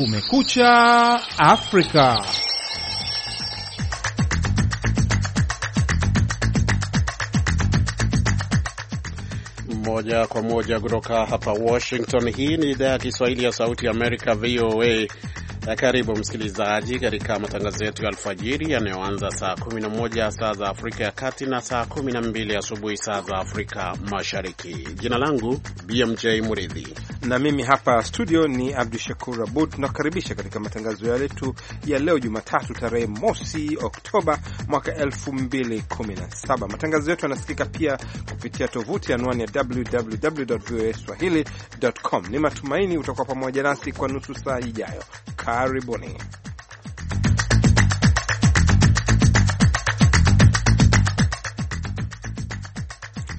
Kumekucha Afrika. Moja kwa moja kutoka hapa Washington. Hii ni idhaa ya Kiswahili ya Sauti ya Amerika, VOA Eh, karibu msikilizaji katika matangazo yetu ya alfajiri yanayoanza saa 11 saa za Afrika ya Kati na saa 12 asubuhi saa za Afrika Mashariki. Jina langu BMJ Muridhi na mimi hapa studio ni Abdu Shakur Abud. Tunakukaribisha katika matangazo yetu ya leo Jumatatu tarehe mosi Oktoba mwaka 2017. Matangazo yetu yanasikika pia kupitia tovuti anwani ya www voa swahili.com. Ni matumaini utakuwa pamoja nasi kwa nusu saa ijayo. Karibuni.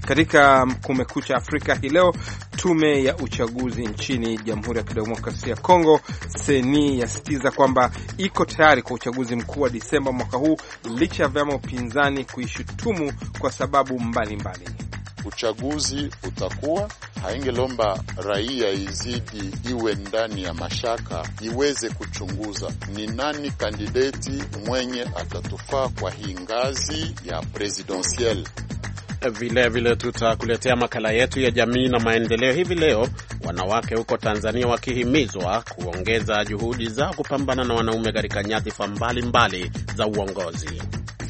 Katika Kumekucha Afrika hii leo, tume ya uchaguzi nchini Jamhuri ya Kidemokrasia ya Kongo seni yasitiza kwamba iko tayari kwa uchaguzi mkuu wa Disemba mwaka huu licha ya vyama upinzani kuishutumu kwa sababu mbalimbali mbali uchaguzi utakuwa, haingelomba raia izidi iwe ndani ya mashaka, iweze kuchunguza ni nani kandideti mwenye atatufaa kwa hii ngazi ya presidensiel. Vilevile tutakuletea makala yetu ya jamii na maendeleo hivi leo, wanawake huko Tanzania wakihimizwa kuongeza juhudi zao kupambana na wanaume katika nyadhifa mbalimbali za uongozi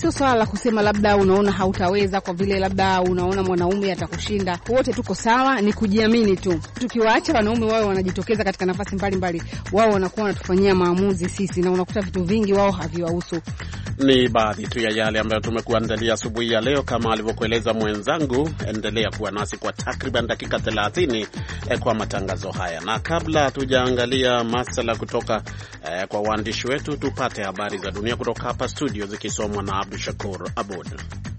sio swala la kusema labda unaona hautaweza kwa vile labda unaona mwanaume atakushinda. Wote tuko sawa, ni kujiamini tu. Tukiwaacha wanaume wao wanajitokeza katika nafasi mbalimbali, wao wanakuwa wanatufanyia maamuzi sisi, na unakuta vitu vingi wao haviwahusu. Ni baadhi tu ya yale ambayo tumekuandalia asubuhi ya leo, kama alivyokueleza mwenzangu. Endelea kuwa nasi kwa takriban dakika 30 eh, kwa matangazo haya, na kabla hatujaangalia masala kutoka eh, kwa waandishi wetu, tupate habari za dunia kutoka hapa studio zikisomwa na Abdu Shakur Abud.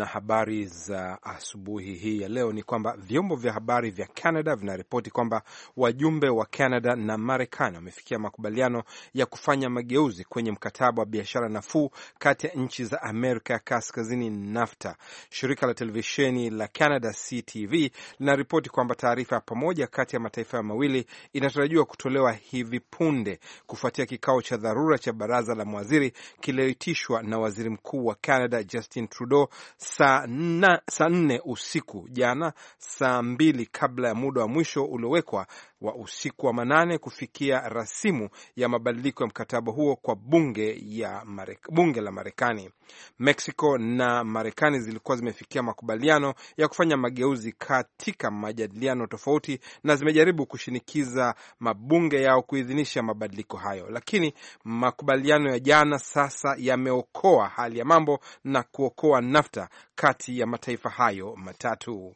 na habari za asubuhi hii ya leo ni kwamba vyombo vya habari vya Canada vinaripoti kwamba wajumbe wa Canada na Marekani wamefikia makubaliano ya kufanya mageuzi kwenye mkataba wa biashara nafuu kati ya nchi za Amerika ya Kaskazini, NAFTA. Shirika la televisheni la Canada CTV linaripoti kwamba taarifa ya pamoja kati ya mataifa ya mawili inatarajiwa kutolewa hivi punde kufuatia kikao cha dharura cha baraza la mawaziri kiliyoitishwa na waziri mkuu wa Canada Justin Trudeau saa nne usiku jana, saa mbili kabla ya muda wa mwisho uliowekwa wa usiku wa manane kufikia rasimu ya mabadiliko ya mkataba huo kwa bunge, ya Marek, bunge la Marekani. Mexico na Marekani zilikuwa zimefikia makubaliano ya kufanya mageuzi katika majadiliano tofauti, na zimejaribu kushinikiza mabunge yao kuidhinisha mabadiliko hayo, lakini makubaliano ya jana sasa yameokoa hali ya mambo na kuokoa NAFTA kati ya mataifa hayo matatu.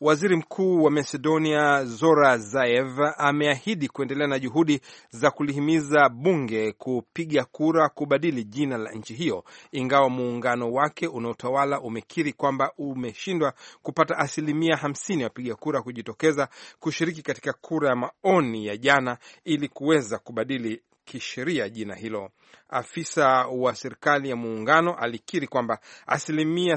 Waziri Mkuu wa Macedonia Zora Zaev ameahidi kuendelea na juhudi za kulihimiza bunge kupiga kura kubadili jina la nchi hiyo, ingawa muungano wake unaotawala umekiri kwamba umeshindwa kupata asilimia 50 ya wapiga kura kujitokeza kushiriki katika kura ya maoni ya jana ili kuweza kubadili kisheria jina hilo. Afisa wa serikali ya muungano alikiri kwamba asilimia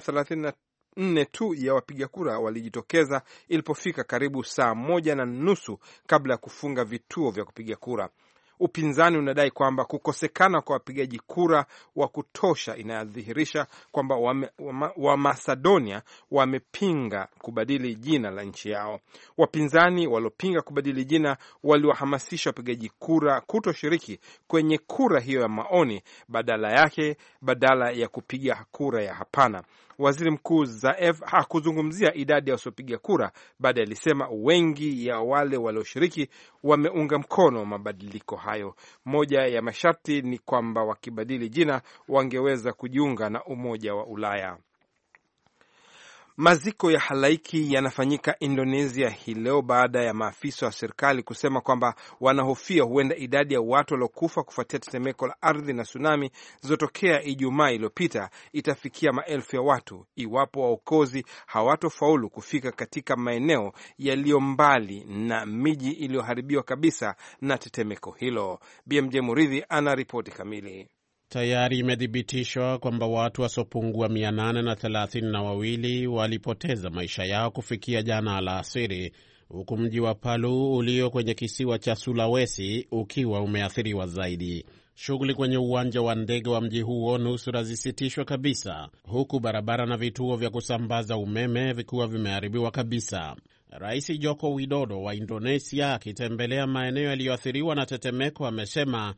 nne tu ya wapiga kura walijitokeza ilipofika karibu saa moja na nusu kabla ya kufunga vituo vya kupiga kura. Upinzani unadai kwamba kukosekana kwa wapigaji kura wa kutosha inadhihirisha kwamba Wamasedonia wa wamepinga kubadili jina la nchi yao. Wapinzani waliopinga kubadili jina waliwahamasisha wapigaji kura kutoshiriki kwenye kura hiyo ya maoni, badala yake badala ya kupiga kura ya hapana waziri mkuu Zaev hakuzungumzia idadi ya wasiopiga kura, baada alisema wengi ya wale walioshiriki wameunga mkono mabadiliko hayo. Moja ya masharti ni kwamba wakibadili jina wangeweza kujiunga na Umoja wa Ulaya. Maziko ya halaiki yanafanyika Indonesia hii leo baada ya maafisa wa serikali kusema kwamba wanahofia huenda idadi ya watu waliokufa kufuatia tetemeko la ardhi na tsunami zilizotokea Ijumaa iliyopita itafikia maelfu ya watu iwapo waokozi hawatofaulu kufika katika maeneo yaliyo mbali na miji iliyoharibiwa kabisa na tetemeko hilo. BMJ Muridhi ana ripoti kamili tayari imethibitishwa kwamba watu wasiopungua 832 walipoteza maisha yao kufikia jana alasiri, huku mji wa Palu ulio kwenye kisiwa cha Sulawesi ukiwa umeathiriwa zaidi. Shughuli kwenye uwanja wa ndege wa mji huo nusura zisitishwe kabisa, huku barabara na vituo vya kusambaza umeme vikiwa vimeharibiwa kabisa. Rais Joko Widodo wa Indonesia akitembelea maeneo yaliyoathiriwa na tetemeko amesema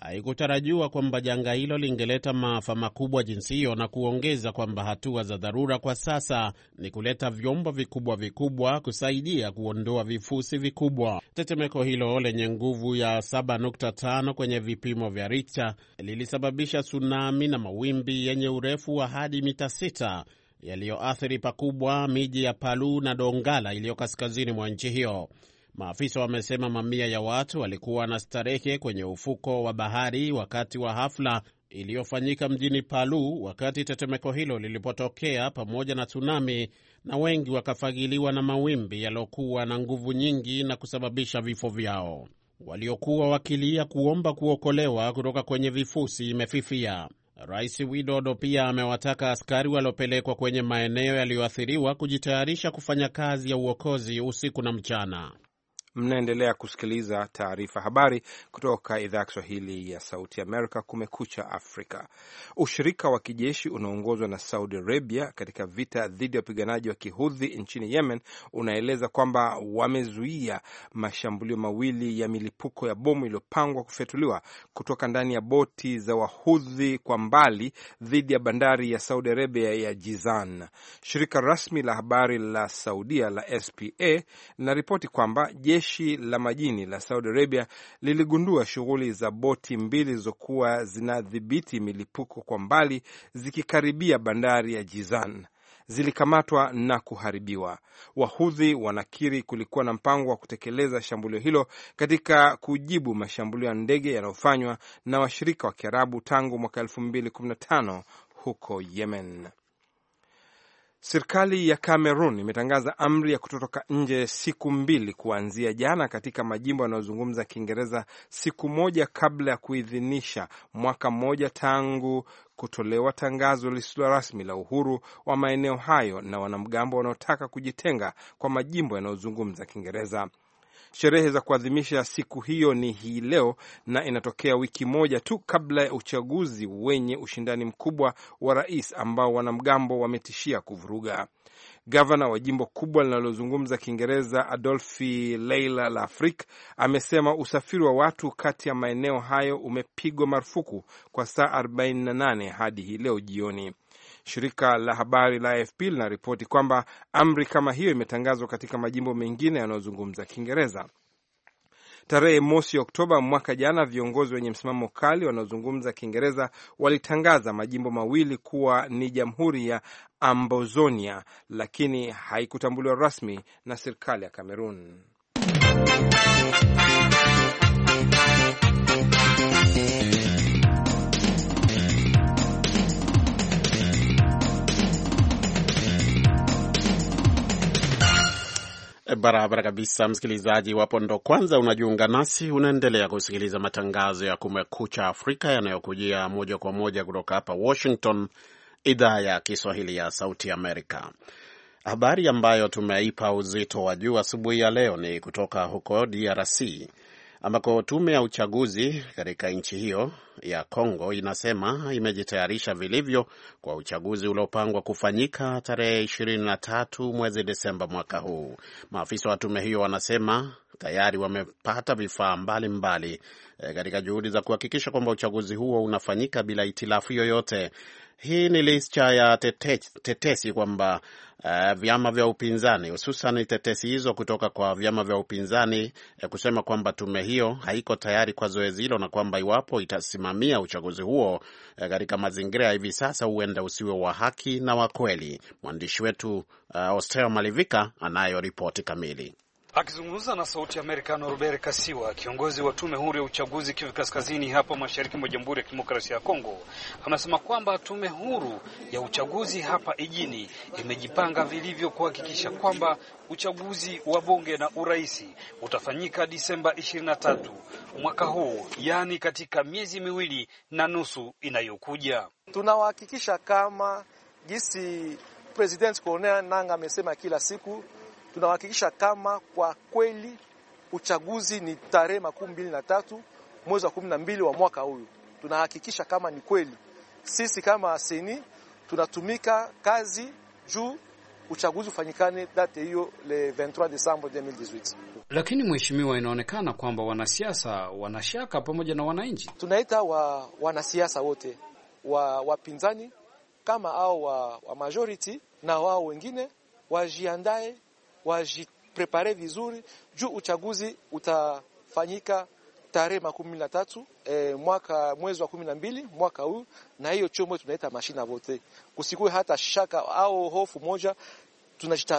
Haikutarajiwa kwamba janga hilo lingeleta maafa makubwa jinsi hiyo, na kuongeza kwamba hatua za dharura kwa sasa ni kuleta vyombo vikubwa vikubwa kusaidia kuondoa vifusi vikubwa. Tetemeko hilo lenye nguvu ya 7.5 kwenye vipimo vya Richter lilisababisha tsunami na mawimbi yenye urefu wa hadi mita 6 yaliyoathiri pakubwa miji ya Palu na Dongala iliyo kaskazini mwa nchi hiyo. Maafisa wamesema mamia ya watu walikuwa na starehe kwenye ufuko wa bahari wakati wa hafla iliyofanyika mjini Palu wakati tetemeko hilo lilipotokea pamoja na tsunami, na wengi wakafagiliwa na mawimbi yaliyokuwa na nguvu nyingi na kusababisha vifo vyao. Waliokuwa wakilia kuomba kuokolewa kutoka kwenye vifusi imefifia. Rais Widodo pia amewataka askari waliopelekwa kwenye maeneo yaliyoathiriwa kujitayarisha kufanya kazi ya uokozi usiku na mchana. Mnaendelea kusikiliza taarifa habari kutoka idhaa ya Kiswahili ya Sauti Amerika, Kumekucha Afrika. Ushirika wa kijeshi unaoongozwa na Saudi Arabia katika vita dhidi ya wapiganaji wa kihudhi nchini Yemen unaeleza kwamba wamezuia mashambulio mawili ya milipuko ya bomu iliyopangwa kufyatuliwa kutoka ndani ya boti za wahudhi kwa mbali dhidi ya bandari ya Saudi Arabia ya Jizan. Shirika rasmi la habari la Saudia la SPA linaripoti kwamba jeshi jeshi la majini la Saudi Arabia liligundua shughuli za boti mbili zilizokuwa zinadhibiti milipuko kwa mbali zikikaribia bandari ya Jizan zilikamatwa na kuharibiwa. Wahudhi wanakiri kulikuwa na mpango wa kutekeleza shambulio hilo katika kujibu mashambulio ya ndege yanayofanywa na washirika wa Kiarabu tangu mwaka 215 huko Yemen. Serikali ya cameron imetangaza amri ya kutotoka nje siku mbili kuanzia jana katika majimbo yanayozungumza Kiingereza, siku moja kabla ya kuidhinisha mwaka mmoja tangu kutolewa tangazo lisilo rasmi la uhuru wa maeneo hayo na wanamgambo wanaotaka kujitenga kwa majimbo yanayozungumza Kiingereza. Sherehe za kuadhimisha siku hiyo ni hii leo na inatokea wiki moja tu kabla ya uchaguzi wenye ushindani mkubwa wa rais ambao wanamgambo wametishia kuvuruga. Gavana wa jimbo kubwa linalozungumza Kiingereza Adolfi Leila Lafrik amesema usafiri wa watu kati ya maeneo hayo umepigwa marufuku kwa saa 48 hadi hii leo jioni. Shirika la habari la AFP linaripoti kwamba amri kama hiyo imetangazwa katika majimbo mengine yanayozungumza Kiingereza. Tarehe mosi Oktoba mwaka jana, viongozi wenye msimamo kali wanaozungumza Kiingereza walitangaza majimbo mawili kuwa ni jamhuri ya Ambazonia, lakini haikutambuliwa rasmi na serikali ya Kamerun. barabara kabisa, msikilizaji. Iwapo ndo kwanza unajiunga nasi, unaendelea kusikiliza matangazo ya Kumekucha Afrika yanayokujia moja kwa moja kutoka hapa Washington, idhaa ya Kiswahili ya Sauti Amerika. Habari ambayo tumeipa uzito wa juu asubuhi ya leo ni kutoka huko DRC ambako tume ya uchaguzi katika nchi hiyo ya congo inasema imejitayarisha vilivyo kwa uchaguzi uliopangwa kufanyika tarehe 23 mwezi Desemba mwaka huu. Maafisa wa tume hiyo wanasema tayari wamepata vifaa mbalimbali eh, katika juhudi za kuhakikisha kwamba uchaguzi huo unafanyika bila itilafu yoyote, hii ni licha ya tetesi kwamba uh, vyama vya upinzani hususan tetesi hizo kutoka kwa vyama vya upinzani eh, kusema kwamba tume hiyo haiko tayari kwa zoezi hilo na kwamba iwapo itasimamia uchaguzi huo eh, katika mazingira ya hivi sasa huenda usiwe wa haki na wa kweli. Mwandishi wetu uh, eh, Ostel Malivika anayo ripoti kamili. Akizungumza na Sauti ya Amerika, Norbert Kasiwa, kiongozi wa tume huru ya uchaguzi Kivu Kaskazini hapa mashariki mwa Jamhuri ya Kidemokrasia ya Kongo, amesema kwamba tume huru ya uchaguzi hapa ijini imejipanga vilivyo kuhakikisha kwamba uchaguzi wa bunge na urais utafanyika Disemba 23 mwaka huu, yaani katika miezi miwili na nusu inayokuja. Tunawahakikisha kama jinsi President Corneille Nangaa amesema kila siku tunahakikisha kama kwa kweli uchaguzi ni tarehe makumi mbili na tatu mwezi wa kumi na mbili wa mwaka huyu. Tunahakikisha kama ni kweli, sisi kama asini tunatumika kazi juu uchaguzi ufanyikane date hiyo le 23 Desemba 2018. Lakini mheshimiwa, inaonekana kwamba wanasiasa wanashaka pamoja na wananchi. Tunaita wa wanasiasa wote wa wapinzani kama au wa, wa majority na wao wengine wajiandae wajiprepare vizuri juu uchaguzi utafanyika tarehe makumi na tatu e, mwaka mwezi wa kumi na mbili mwaka huu, na hiyo chombo tunaita mashina vote. Kusikue hata shaka au hofu moja,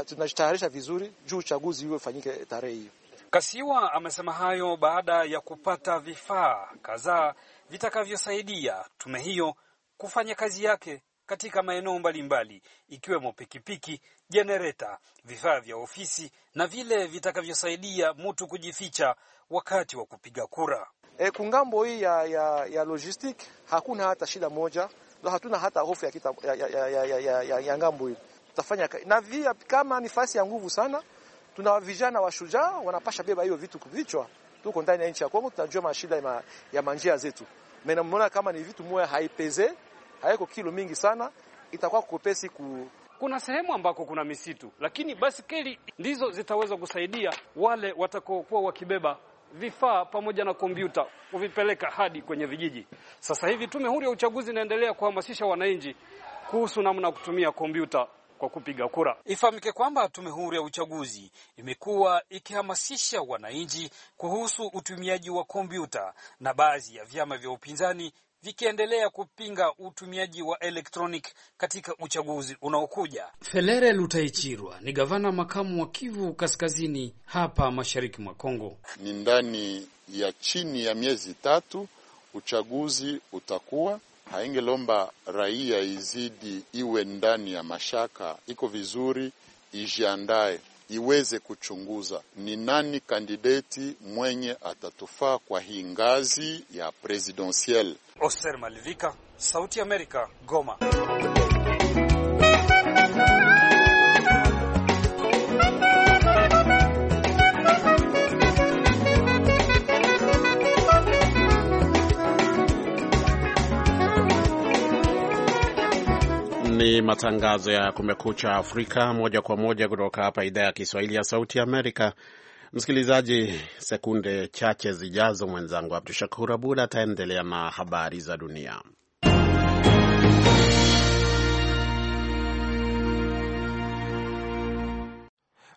tunajitayarisha vizuri juu uchaguzi huo ufanyike tarehe hiyo. Kasiwa amesema hayo baada ya kupata vifaa kadhaa vitakavyosaidia tume hiyo kufanya kazi yake katika maeneo mbalimbali ikiwemo pikipiki, jenereta, vifaa vya ofisi na vile vitakavyosaidia mtu kujificha wakati wa kupiga kura. E, eh, kungambo hii ya, ya, ya logistic hakuna hata shida moja na hatuna hata hofu ya, ya, ya, ya, ya, ya, ya, ya ngambo hii tutafanya, na via kama ni fasi ya nguvu sana. Tuna vijana wa shujaa wanapasha beba hiyo vitu kuvichwa. Tuko ndani ya nchi ya Kongo, tunajua mashida ya manjia zetu, mnamona kama ni vitu moya haipeze haiko kilo mingi sana, itakuwa kupesi ku kuna sehemu ambako kuna misitu, lakini basikeli ndizo zitaweza kusaidia wale watakaokuwa wakibeba vifaa pamoja na kompyuta kuvipeleka hadi kwenye vijiji. Sasa hivi Tume Huru ya Uchaguzi inaendelea kuhamasisha wananchi kuhusu namna ya kutumia kompyuta kwa kupiga kura. Ifahamike kwamba Tume Huru ya Uchaguzi imekuwa ikihamasisha wananchi kuhusu utumiaji wa kompyuta na baadhi ya vyama vya upinzani vikiendelea kupinga utumiaji wa electronic katika uchaguzi unaokuja. Felere Lutaichirwa ni gavana makamu wa Kivu Kaskazini hapa mashariki mwa Kongo. Ni ndani ya chini ya miezi tatu uchaguzi utakuwa haingelomba raia izidi iwe ndani ya mashaka, iko vizuri, ijiandae iweze kuchunguza ni nani kandideti mwenye atatufaa kwa hii ngazi ya presidensiel. Oser Malivika, Sauti Amerika, Goma. Ni matangazo ya Kumekucha Afrika moja kwa moja kutoka hapa idhaa ya Kiswahili ya Sauti Amerika Msikilizaji, sekunde chache zijazo mwenzangu Abdu Shakur Abud ataendelea na habari za dunia.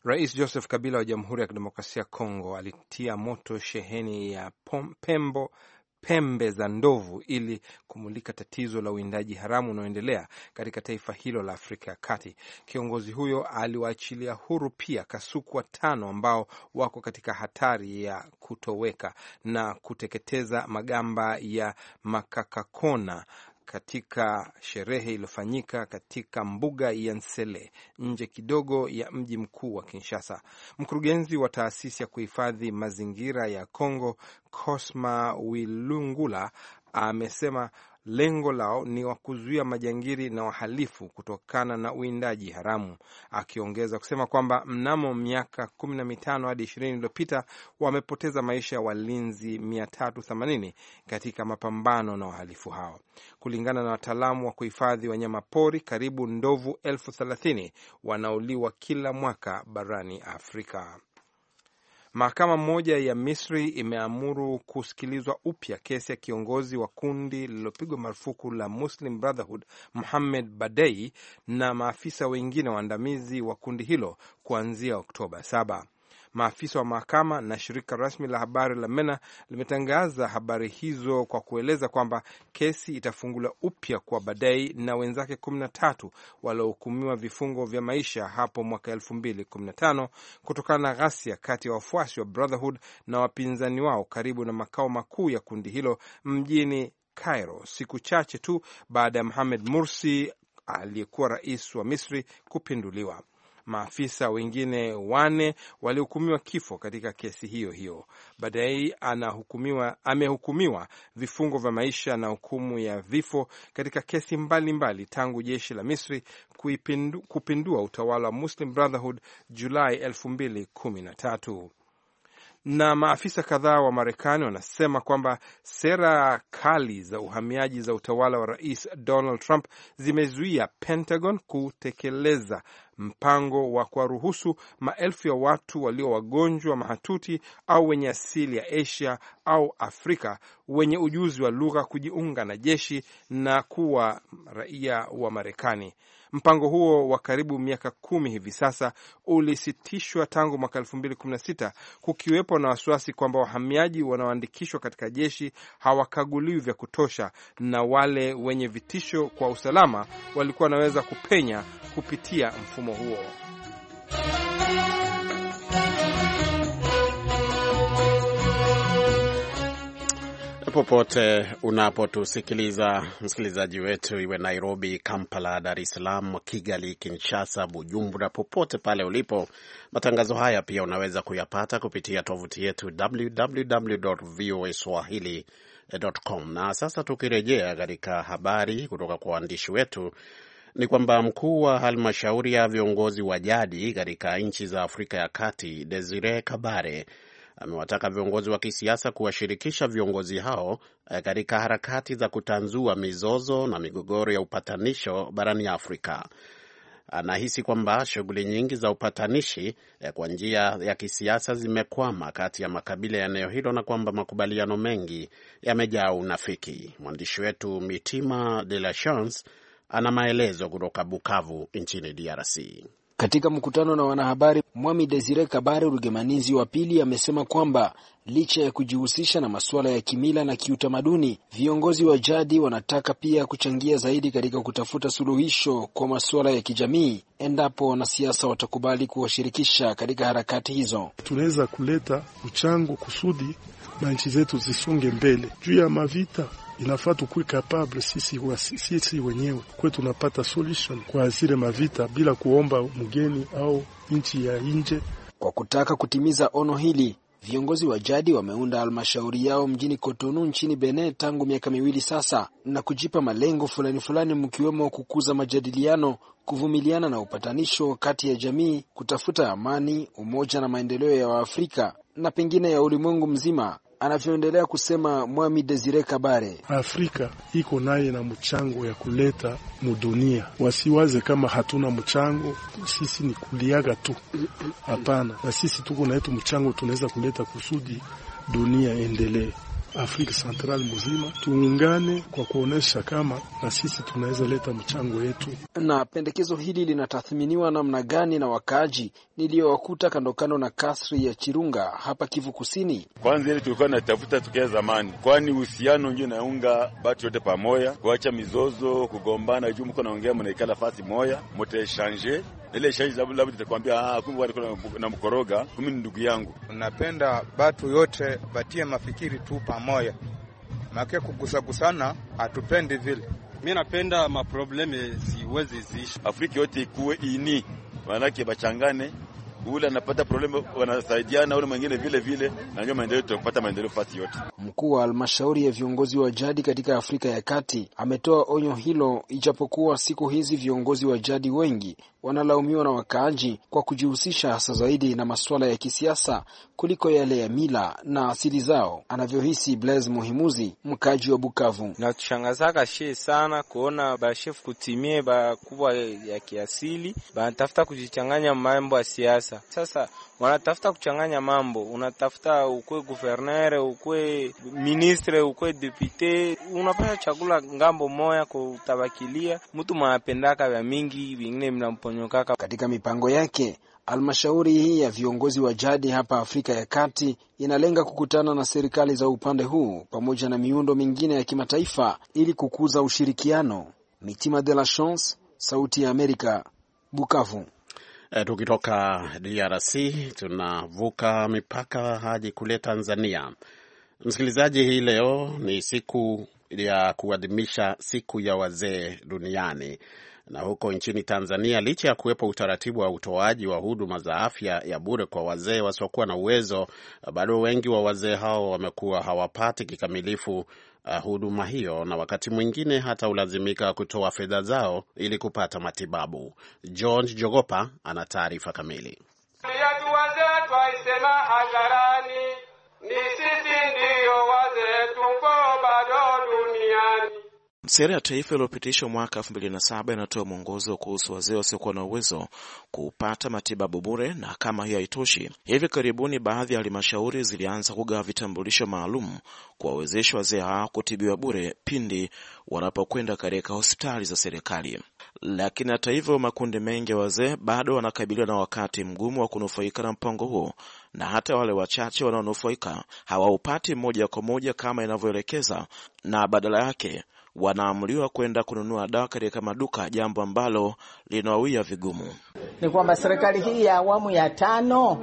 Rais Joseph Kabila wa Jamhuri ya Kidemokrasia ya Kongo alitia moto sheheni ya pom, pembo pembe za ndovu ili kumulika tatizo la uwindaji haramu unaoendelea katika taifa hilo la Afrika ya Kati. Kiongozi huyo aliwaachilia huru pia kasuku watano ambao wako katika hatari ya kutoweka na kuteketeza magamba ya makakakona katika sherehe iliyofanyika katika mbuga ya Nsele nje kidogo ya mji mkuu wa Kinshasa. Mkurugenzi wa taasisi ya kuhifadhi mazingira ya congo Cosma Wilungula, amesema Lengo lao ni wa kuzuia majangiri na wahalifu kutokana na uwindaji haramu, akiongeza kusema kwamba mnamo miaka kumi na mitano hadi ishirini iliyopita wamepoteza maisha ya walinzi themanini katika mapambano na wahalifu hao. Kulingana na wataalamu wa kuhifadhi wanyama pori, karibu ndovu elfu thelathini wanauliwa kila mwaka barani Afrika. Mahakama moja ya Misri imeamuru kusikilizwa upya kesi ya kiongozi wa kundi lililopigwa marufuku la Muslim Brotherhood Muhammad Badei na maafisa wengine waandamizi wa kundi hilo kuanzia Oktoba 7. Maafisa wa mahakama na shirika rasmi la habari la MENA limetangaza habari hizo kwa kueleza kwamba kesi itafungula upya kwa Badai na wenzake 13 waliohukumiwa vifungo vya maisha hapo mwaka 2015 kutokana na ghasia kati ya wafuasi wa Brotherhood na wapinzani wao karibu na makao makuu ya kundi hilo mjini Cairo siku chache tu baada ya Mohamed Mursi aliyekuwa rais wa Misri kupinduliwa. Maafisa wengine wane walihukumiwa kifo katika kesi hiyo hiyo. Baadaye anahukumiwa amehukumiwa vifungo vya maisha na hukumu ya vifo katika kesi mbalimbali mbali, tangu jeshi la Misri kupindua utawala wa Muslim Brotherhood Julai 2013 na maafisa kadhaa wa Marekani wanasema kwamba sera kali za uhamiaji za utawala wa Rais Donald Trump zimezuia Pentagon kutekeleza mpango wa kuwaruhusu maelfu ya watu walio wagonjwa mahatuti au wenye asili ya Asia au Afrika wenye ujuzi wa lugha kujiunga na jeshi na kuwa raia wa Marekani. Mpango huo wa karibu miaka kumi hivi sasa ulisitishwa tangu mwaka sita kukiwepo na wasiwasi kwamba wahamiaji wanaoandikishwa katika jeshi hawakaguliwi vya kutosha, na wale wenye vitisho kwa usalama walikuwa wanaweza kupenya kupitia mfumo huo. Popote unapotusikiliza msikilizaji wetu, iwe Nairobi, Kampala, Dar es Salaam, Kigali, Kinshasa, Bujumbura, popote pale ulipo, matangazo haya pia unaweza kuyapata kupitia tovuti yetu www.voaswahili.com. Na sasa tukirejea katika habari kutoka kwa waandishi wetu, ni kwamba mkuu wa halmashauri ya viongozi wa jadi katika nchi za Afrika ya Kati, Desire Kabare amewataka viongozi wa kisiasa kuwashirikisha viongozi hao eh, katika harakati za kutanzua mizozo na migogoro ya upatanisho barani Afrika. Anahisi kwamba shughuli nyingi za upatanishi eh, kwa njia ya kisiasa zimekwama kati ya makabila ya eneo hilo na kwamba makubaliano mengi yamejaa unafiki. Mwandishi wetu Mitima De La Chance ana maelezo kutoka Bukavu nchini DRC. Katika mkutano na wanahabari, Mwami Desire Kabare, rugemanizi wa pili, amesema kwamba licha ya kujihusisha na masuala ya kimila na kiutamaduni, viongozi wa jadi wanataka pia kuchangia zaidi katika kutafuta suluhisho kwa masuala ya kijamii, endapo wanasiasa watakubali kuwashirikisha katika harakati hizo. Tunaweza kuleta mchango kusudi na nchi zetu zisonge mbele juu ya mavita inafaa tukuwe capable sisi, sisi wenyewe kwe tunapata solution kwa zile mavita bila kuomba mgeni au nchi ya nje. Kwa kutaka kutimiza ono hili, viongozi wa jadi wameunda halmashauri yao mjini Kotonu nchini Benin tangu miaka miwili sasa, na kujipa malengo fulani fulani, mkiwemo kukuza majadiliano, kuvumiliana na upatanisho kati ya jamii, kutafuta amani, umoja na maendeleo ya Waafrika na pengine ya ulimwengu mzima anavyoendelea kusema Mwami Desire Kabare. Afrika iko naye na mchango ya kuleta mudunia, wasiwaze kama hatuna mchango, sisi ni kuliaga tu. Hapana, na sisi tuko na yetu mchango, tunaweza kuleta kusudi dunia endelee. Afrika Central mzima, tuungane kwa kuonesha kama na sisi tunaweza leta mchango yetu. Na pendekezo hili linatathminiwa namna gani na wakaaji niliyowakuta kandokando na kasri ya Chirunga hapa Kivu Kusini? Kwanza ile tulikuwa natafuta tukia zamani, kwani uhusiano ndio naunga batu yote pamoja, kuacha mizozo, kugombana juu mko naongea mnaikala fasi moya mutaeshange ile shaji labda itakwambia ah, kumbe walikuwa na mkoroga, kumbe ni ndugu yangu. Napenda batu yote batie mafikiri tu pamoja, make kugusagusana hatupendi vile. Mi napenda maprobleme ziwezi ziishi, Afrika yote ikuwe ini, manake bachangane ule anapata problem wanasaidiana, ule mwingine vile vile, na ndio maendeleo tutapata maendeleo fasi yote. Mkuu wa halmashauri ya viongozi wa jadi katika Afrika ya Kati ametoa onyo hilo, ijapokuwa siku hizi viongozi wa jadi wengi wanalaumiwa na wakaaji kwa kujihusisha hasa zaidi na masuala ya kisiasa kuliko yale ya mila na asili zao, anavyohisi Blaise Muhimuzi, mkaaji wa Bukavu. Natushangazaka she sana kuona bashefu kutimie bakubwa ya kiasili banatafuta kujichanganya mambo ya siasa. Sasa wanatafuta kuchanganya mambo, unatafuta ukwe guvernere, ukwe ministre, ukwe depute, unapata chakula ngambo moya kutabakilia mtu mwanapendaka vya mingi vingine mnampo Konyokaka. Katika mipango yake, almashauri hii ya viongozi wa jadi hapa Afrika ya Kati inalenga kukutana na serikali za upande huu pamoja na miundo mingine ya kimataifa ili kukuza ushirikiano. Mitima de la Chance, Sauti ya Amerika, Bukavu. E, tukitoka DRC tunavuka mipaka hadi kule Tanzania. Msikilizaji, hii leo ni siku ya kuadhimisha siku ya wazee duniani na huko nchini Tanzania, licha ya kuwepo utaratibu wa utoaji wa huduma za afya ya bure kwa wazee wasiokuwa na uwezo, bado wengi wa wazee hao wamekuwa hawapati kikamilifu uh, huduma hiyo, na wakati mwingine hata ulazimika kutoa fedha zao ili kupata matibabu. George Jogopa ana taarifa kamili. Sera ya taifa iliyopitishwa mwaka 2007 inatoa mwongozo kuhusu wazee wasiokuwa na uwezo kupata matibabu bure, na kama hiyo haitoshi, hivi karibuni baadhi ya halmashauri zilianza kugawa vitambulisho maalum kuwawezesha wazee hawa kutibiwa bure pindi wanapokwenda katika hospitali za serikali. Lakini hata hivyo, makundi mengi ya wazee bado wanakabiliwa na wakati mgumu wa kunufaika na mpango huo, na hata wale wachache wanaonufaika hawaupati moja kwa moja kama inavyoelekeza, na badala yake wanaamuliwa kwenda kununua dawa katika maduka, jambo ambalo linawawia vigumu. Ni kwamba serikali hii ya awamu ya tano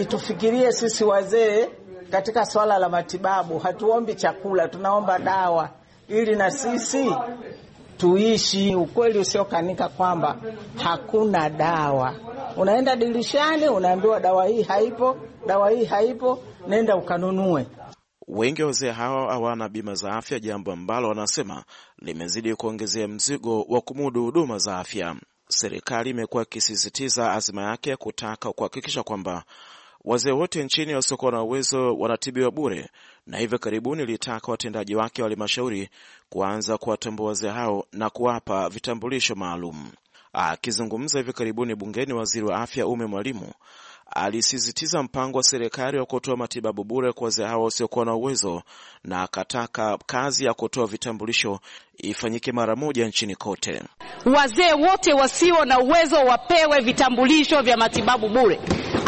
itufikirie sisi wazee katika swala la matibabu. Hatuombi chakula, tunaomba dawa ili na sisi tuishi. Ukweli usiokanika kwamba hakuna dawa. Unaenda dirishani, unaambiwa dawa hii haipo, dawa hii haipo, nenda ukanunue. Wengi wa wazee hawa hawana bima za afya, jambo ambalo wanasema limezidi kuongezea mzigo wa kumudu huduma za afya. Serikali imekuwa ikisisitiza azima yake kutaka kuhakikisha kwamba wazee wote nchini wasiokuwa na uwezo wanatibiwa bure, na hivyo karibuni ilitaka watendaji wake wa halmashauri kuanza kuwatambua wazee hao na kuwapa vitambulisho maalum. Akizungumza hivi karibuni bungeni, waziri wa afya Ume Mwalimu alisisitiza mpango wa serikali wa kutoa matibabu bure kwa wazee hawa wasiokuwa na uwezo na akataka kazi ya kutoa vitambulisho ifanyike mara moja nchini kote. Wazee wote wasio na uwezo wapewe vitambulisho vya matibabu bure.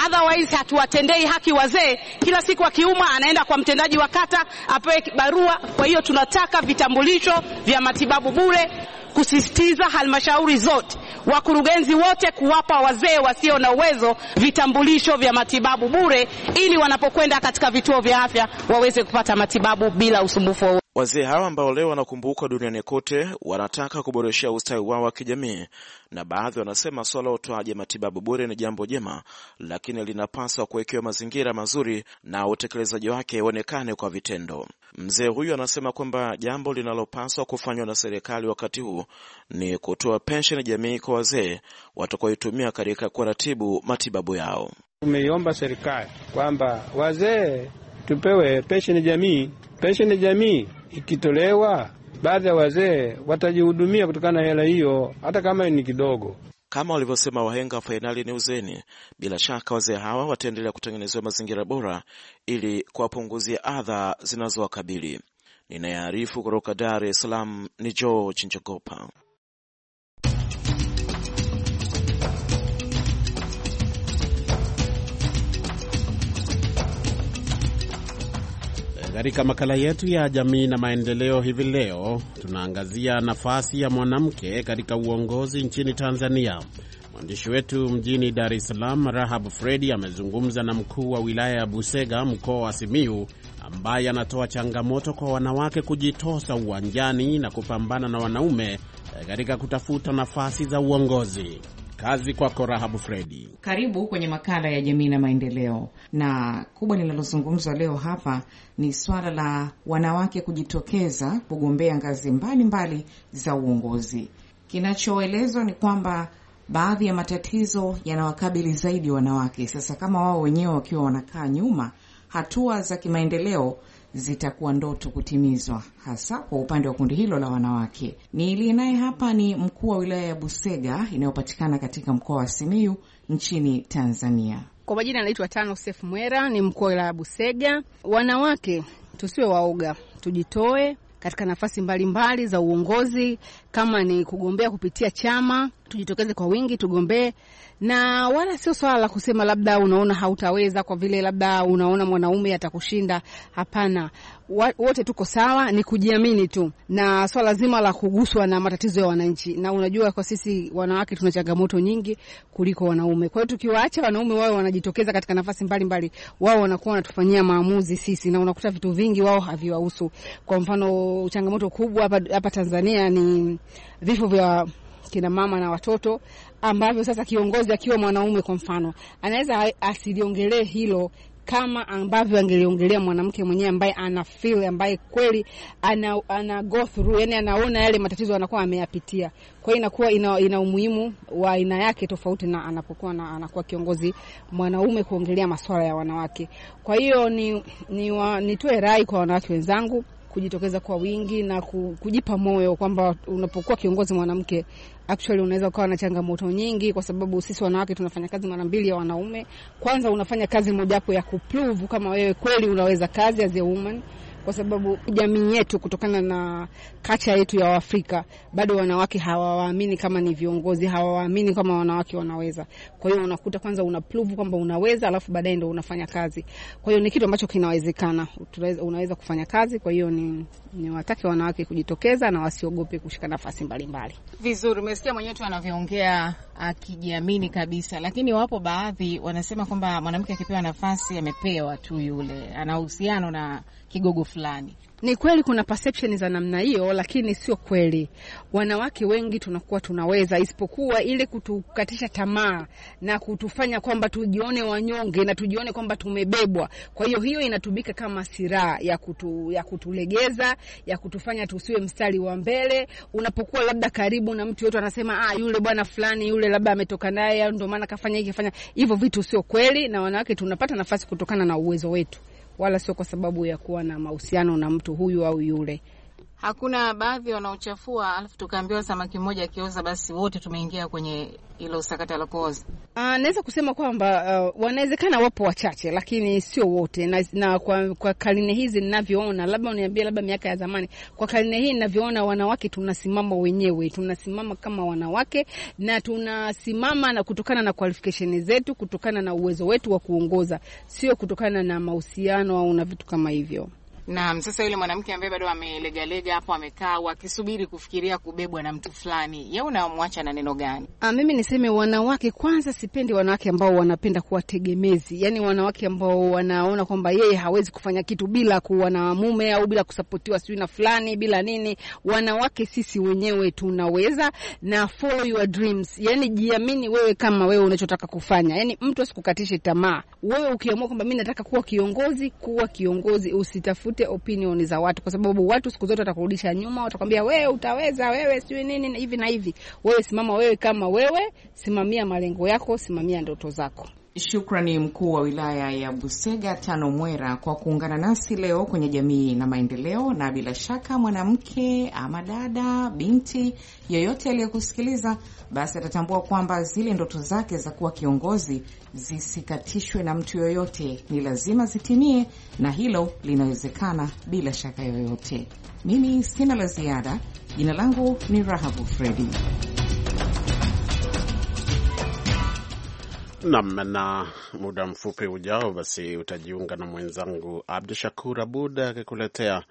Otherwise hatuwatendei haki wazee. Kila siku akiumwa anaenda kwa mtendaji wa kata apewe barua. Kwa hiyo tunataka vitambulisho vya matibabu bure kusisitiza halmashauri zote, wakurugenzi wote kuwapa wazee wasio na uwezo vitambulisho vya matibabu bure, ili wanapokwenda katika vituo vya afya waweze kupata matibabu bila usumbufu wowote. Wazee hawa ambao leo wanakumbukwa duniani kote wanataka kuboreshea ustawi wao wa kijamii, na baadhi wanasema swala utoaji matibabu bure ni jambo jema, lakini linapaswa kuwekewa mazingira mazuri na utekelezaji wake uonekane kwa vitendo. Mzee huyu anasema kwamba jambo linalopaswa kufanywa na serikali wakati huu ni kutoa pensheni jamii kwa wazee watakaoitumia katika kuratibu matibabu yao. Tumeiomba serikali kwamba wazee tupewe pensheni jamii, pensheni jamii ikitolewa, baadhi ya wazee watajihudumia kutokana na hela hiyo, hata kama ni kidogo. Kama walivyosema wahenga, fainali ni uzeni. Bila shaka wazee hawa wataendelea kutengenezewa mazingira bora ili kuwapunguzia adha zinazowakabili. Ninayearifu kutoka Dar es Salaam ni George Njogopa. Katika makala yetu ya jamii na maendeleo hivi leo, tunaangazia nafasi ya mwanamke katika uongozi nchini Tanzania. Mwandishi wetu mjini Dar es Salaam, Rahab Fredi, amezungumza na mkuu wa wilaya ya Busega, mkoa wa simiu ambaye anatoa changamoto kwa wanawake kujitosa uwanjani na kupambana na wanaume katika kutafuta nafasi za uongozi. Kazi kwako Rahabu Fredi. Karibu kwenye makala ya jamii na maendeleo, na kubwa linalozungumzwa leo hapa ni swala la wanawake kujitokeza kugombea ngazi mbalimbali mbali za uongozi. Kinachoelezwa ni kwamba baadhi ya matatizo yanawakabili zaidi wanawake. Sasa kama wao wenyewe wakiwa wanakaa nyuma, hatua za kimaendeleo zitakuwa ndoto kutimizwa, hasa kwa upande wa kundi hilo la wanawake. Niliye naye hapa ni mkuu wa wilaya ya Busega inayopatikana katika mkoa wa Simiyu nchini Tanzania. Kwa majina anaitwa Tano Sefu Mwera, ni mkuu wa wilaya ya Busega. Wanawake tusiwe waoga, tujitoe katika nafasi mbalimbali mbali za uongozi, kama ni kugombea kupitia chama tujitokeze kwa wingi tugombee, na wala sio swala la kusema labda unaona hautaweza kwa vile labda unaona mwanaume atakushinda. Hapana, wote tuko sawa, ni kujiamini tu, na swala zima la kuguswa na matatizo ya wananchi. Na unajua kwa sisi wanawake tuna changamoto nyingi kuliko wanaume, kwa hiyo tukiwaacha wanaume wao wanajitokeza katika nafasi mbalimbali, wao wanakuwa wanatufanyia maamuzi sisi, na unakuta vitu vingi wao haviwahusu. Kwa mfano, changamoto kubwa hapa Tanzania ni vifo vya kina mama na watoto, ambavyo sasa kiongozi akiwa mwanaume kwa mfano anaweza asiliongelee hilo kama ambavyo angeliongelea mwanamke mwenyewe ambaye ana feel ambaye kweli ana, ana go through, yani anaona yale matatizo anakuwa ameyapitia. Kwa hiyo inakuwa ina, ina umuhimu wa aina yake tofauti na anapokuwa na, anakuwa kiongozi mwanaume kuongelea masuala ya wanawake. Kwa hiyo ni, ni nitoe rai kwa wanawake wenzangu kujitokeza kwa wingi na kujipa moyo kwamba unapokuwa kiongozi mwanamke actually unaweza ukawa na changamoto nyingi, kwa sababu sisi wanawake tunafanya kazi mara mbili ya wanaume. Kwanza unafanya kazi mojawapo ya kuprove kama wewe kweli unaweza kazi as a woman kwa sababu jamii yetu, kutokana na kacha yetu ya Waafrika, bado wanawake hawawaamini kama ni viongozi, hawawaamini kama wanawake wanaweza. Kwa hiyo unakuta kwanza unaprove kwamba unaweza, alafu baadaye ndo unafanya kazi. Kwa hiyo ni kitu ambacho kinawezekana, unaweza kufanya kazi. Kwa hiyo ni, ni watake wanawake kujitokeza na wasiogope kushika nafasi mbalimbali. Vizuri, umesikia mwenyewe tu anavyoongea akijiamini kabisa, lakini wapo baadhi wanasema kwamba mwanamke akipewa nafasi amepewa tu, yule ana uhusiano na kigogo fulani. Ni kweli kuna perception za namna hiyo, lakini sio kweli. Wanawake wengi tunakuwa tunaweza, isipokuwa ile kutukatisha tamaa na kutufanya kwamba tujione wanyonge na tujione kwamba tumebebwa. Kwa hiyo hiyo inatumika kama siraha ya kutu, ya kutulegeza, ya kutufanya tusiwe mstari wa mbele. Unapokuwa labda karibu na mtu yote anasema ah, yule bwana fulani yule labda ametoka naye, ndio maana kafanya hiki, kafanya hivyo. Vitu sio kweli, na wanawake tunapata nafasi kutokana na uwezo wetu wala sio kwa sababu ya kuwa na mahusiano na mtu huyu au yule hakuna baadhi wanaochafua, alafu tukaambiwa samaki mmoja akioza, basi wote tumeingia kwenye hilo sakata la kuoza. Uh, naweza kusema kwamba uh, wanawezekana wapo wachache, lakini sio wote na, na kwa, kwa karine hizi ninavyoona, labda uniambie, labda miaka ya zamani, kwa karine hii ninavyoona, wanawake tunasimama wenyewe, tunasimama kama wanawake na tunasimama na kutokana na qualification zetu, kutokana na uwezo wetu wa kuongoza, sio kutokana na mahusiano au na vitu kama hivyo. Naam, sasa yule mwanamke ambaye bado amelegalega hapo amekaa akisubiri kufikiria kubebwa na mtu fulani, yeye unamwacha na neno gani? Ah, mimi niseme wanawake kwanza, sipendi wanawake ambao wanapenda kuwa tegemezi, yaani wanawake ambao wanaona kwamba yeye hawezi kufanya kitu bila kuwa na mume au bila kusapotiwa sijui na fulani bila nini. Wanawake sisi wenyewe tunaweza, na follow your dreams, yaani jiamini wewe kama wewe unachotaka kufanya, yaani mtu asikukatishe tamaa. Wewe ukiamua kwamba mimi nataka kuwa kiongozi, kuwa kiongozi, usitafute usipite opinion za watu, kwa sababu watu siku zote watakurudisha nyuma, watakwambia wewe utaweza, wewe sijui nini hivi na hivi. Wewe simama wewe kama wewe, simamia malengo yako, simamia ndoto zako. Shukrani mkuu wa wilaya ya Busega Tano Mwera kwa kuungana nasi leo kwenye jamii na maendeleo. Na bila shaka mwanamke ama dada, binti yoyote aliyekusikiliza, basi atatambua kwamba zile ndoto zake za kuwa kiongozi zisikatishwe na mtu yoyote, ni lazima zitimie, na hilo linawezekana bila shaka yoyote. Mimi sina la ziada. Jina langu ni Rahabu Fredi. Nam, na muda mfupi ujao, basi utajiunga na mwenzangu Abdu Shakur Abud akikuletea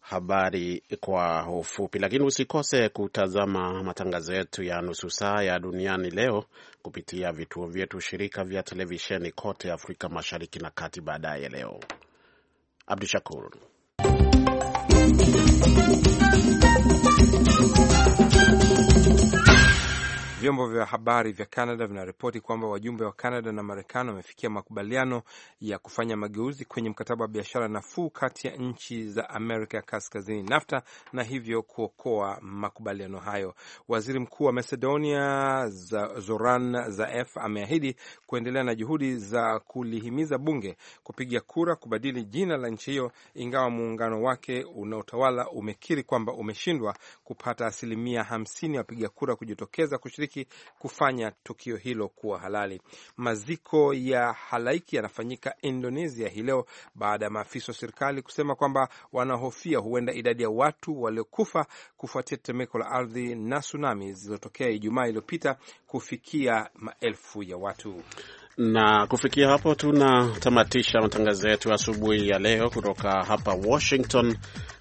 habari kwa ufupi, lakini usikose kutazama matangazo yetu ya nusu saa ya duniani leo kupitia vituo vyetu shirika vya televisheni kote Afrika Mashariki na Kati baadaye leo. Abdu Shakur Vyombo vya habari vya Canada vinaripoti kwamba wajumbe wa Canada na Marekani wamefikia makubaliano ya kufanya mageuzi kwenye mkataba wa biashara nafuu kati ya nchi za Amerika ya Kaskazini, NAFTA, na hivyo kuokoa makubaliano hayo. Waziri Mkuu wa Macedonia Zoran Zaev ameahidi kuendelea na juhudi za kulihimiza bunge kupiga kura kubadili jina la nchi hiyo, ingawa muungano wake unaotawala umekiri kwamba umeshindwa kupata asilimia hamsini ya wapiga kura kujitokeza kushiriki Mashariki kufanya tukio hilo kuwa halali. Maziko ya halaiki yanafanyika Indonesia hii leo baada ya maafisa wa serikali kusema kwamba wanahofia huenda idadi ya watu waliokufa kufuatia tetemeko la ardhi na tsunami zilizotokea Ijumaa iliyopita kufikia maelfu ya watu. Na kufikia hapo tunatamatisha matangazo yetu asubuhi ya leo kutoka hapa Washington.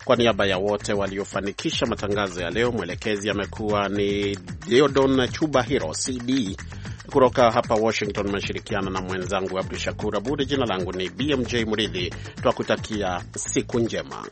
Kwa niaba ya wote waliofanikisha matangazo ya leo, mwelekezi amekuwa ni Deodon Chuba Hiro CD kutoka hapa Washington. Umeshirikiana na mwenzangu Abdu Shakur Abudi. Jina langu ni BMJ Muridhi, twakutakia siku njema.